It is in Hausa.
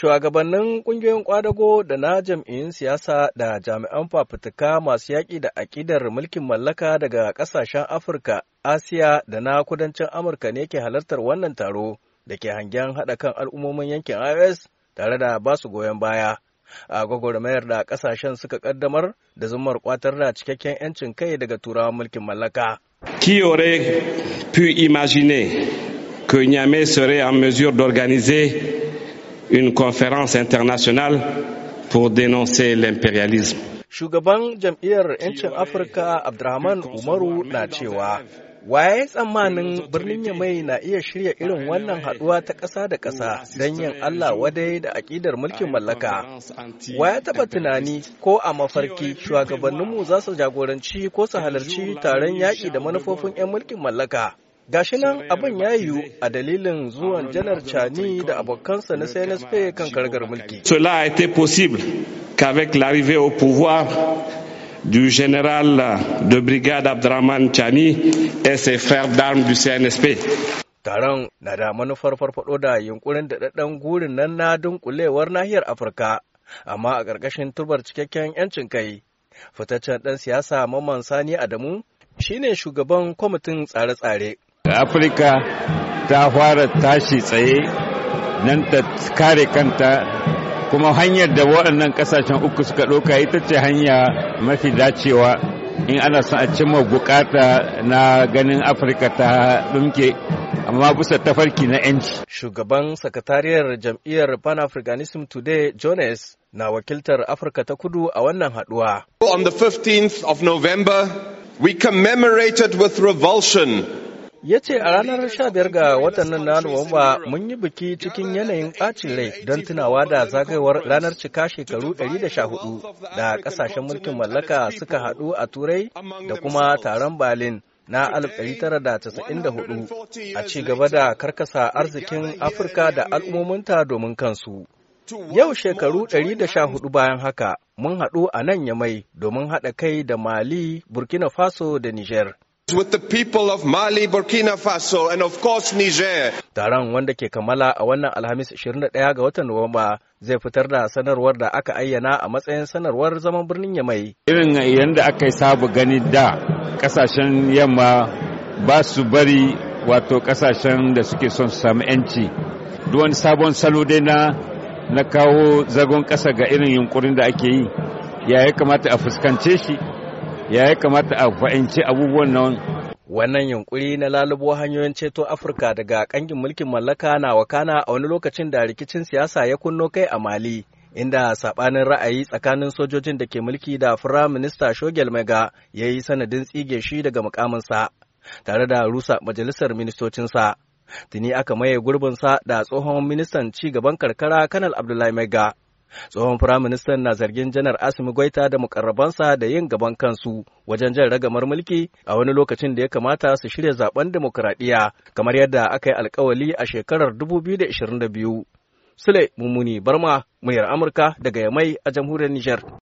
Shugabannin ƙungiyoyin ƙwadago da na jam'iyyun siyasa da jami'an fafutuka masu yaƙi da aƙidar mulkin mallaka daga ƙasashen Afirka, Asiya da na kudancin Amurka ne ke halartar wannan taro da ke hangen haɗa kan al'ummomin yankin IOS tare da ba su goyon baya. A gwagwarmayar da ƙasashen suka ƙaddamar da zumar ƙwatar da cikakken 'yancin kai daga turawan mulkin mallaka. Kiyore pu imaginer que Niamey serait en mesure d'organiser une conférence internationale pour dénoncer l'impérialisme. Shugaban jam'iyyar 'yancin Afirka Abdurrahman Umaru na cewa waye tsammanin birnin Yamai na iya shirya irin wannan haduwa ta ƙasa da ƙasa don yin Allah wadai da aƙidar mulkin mallaka. Waye taɓa tunani ko a mafarki shugabanninmu za su jagoranci ko su halarci taron yaƙi da manufofin 'yan mulkin mallaka. gashi nan abin ya yiwu a dalilin zuwan janar cani da abokansa na cnsp kan kargar mulki cela a été possible qu'avec l'arrivée au pouvoir du général de brigade Abdraman Chani et ses frères d'armes du CNSP. Taron na da manufar farfado da yunkurin daɗaɗɗen gurin nan na dunkulewar nahiyar Afirka, amma a ƙarƙashin turbar cikakken 'yancin kai. Fitaccen ɗan siyasa Mamman Sani Adamu shine shugaban kwamitin tsare-tsare da afirka ta fara tashi tsaye nan ta kare kanta kuma hanyar da waɗannan ƙasashen uku suka ɗauka ita ce hanya mafi dacewa in ana son a cimma bukata na ganin afirka ta ɗumke amma bisa tafarki na 'yanci. shugaban sakatariyar jam'iyyar pan-africanism today jones na wakiltar afirka ta kudu a wannan haɗuwa. on the 15th of november we commemorated with revulsion ya ce a ranar 15 ga watan nan na Nuwamba mun yi biki cikin yanayin bacin rai don tunawa da zagayowar ranar cika shekaru 114 da ƙasashen mulkin mallaka suka haɗu a Turai da kuma taron Berlin na 1994 a ci gaba da karkasa arzikin Afirka da al'ummunta domin kansu. Yau shekaru 114 bayan haka mun haɗu a nan Yamai domin haɗa kai da Mali, Burkina Faso da Niger. with the people of Mali, Burkina Faso and of course Niger. Taron wanda ke kammala a wannan Alhamis 21 ga watan Nuwamba zai fitar da sanarwar da aka ayyana a matsayin sanarwar zaman birnin Yamai. Irin yadda aka yi sabu gani da kasashen yamma ba su bari wato kasashen da suke son su samu 'yanci. Duk wani sabon salo dai na kawo zagon ƙasa ga irin yunkurin da ake yi ya ya kamata a fuskance shi ya kamata a fahimci abubuwan nan wannan yunkuri na lalubo hanyoyin ceto afirka daga kangin mulkin mallaka na wakana a wani lokacin da rikicin siyasa ya kunno kai a mali inda sabanin ra'ayi tsakanin sojojin da ke mulki da firayim minista shogel mega ya yi sanadin tsige shi daga mukaminsa tare da rusa majalisar ministocinsa tuni aka maye gurbinsa da tsohon ministan ci gaban karkara kanal abdullahi mega Tsohon Firaministan na zargin Janar Asimi Gwaita da mukarrabansa da yin gaban kansu wajen jan ragamar mulki a wani lokacin da ya kamata su shirya zaben demokuraɗiyya kamar yadda aka yi alkawali a shekarar 2022. Sule Mummuni Barma, muryar Amurka daga Yamai a jamhuriyar Nijar.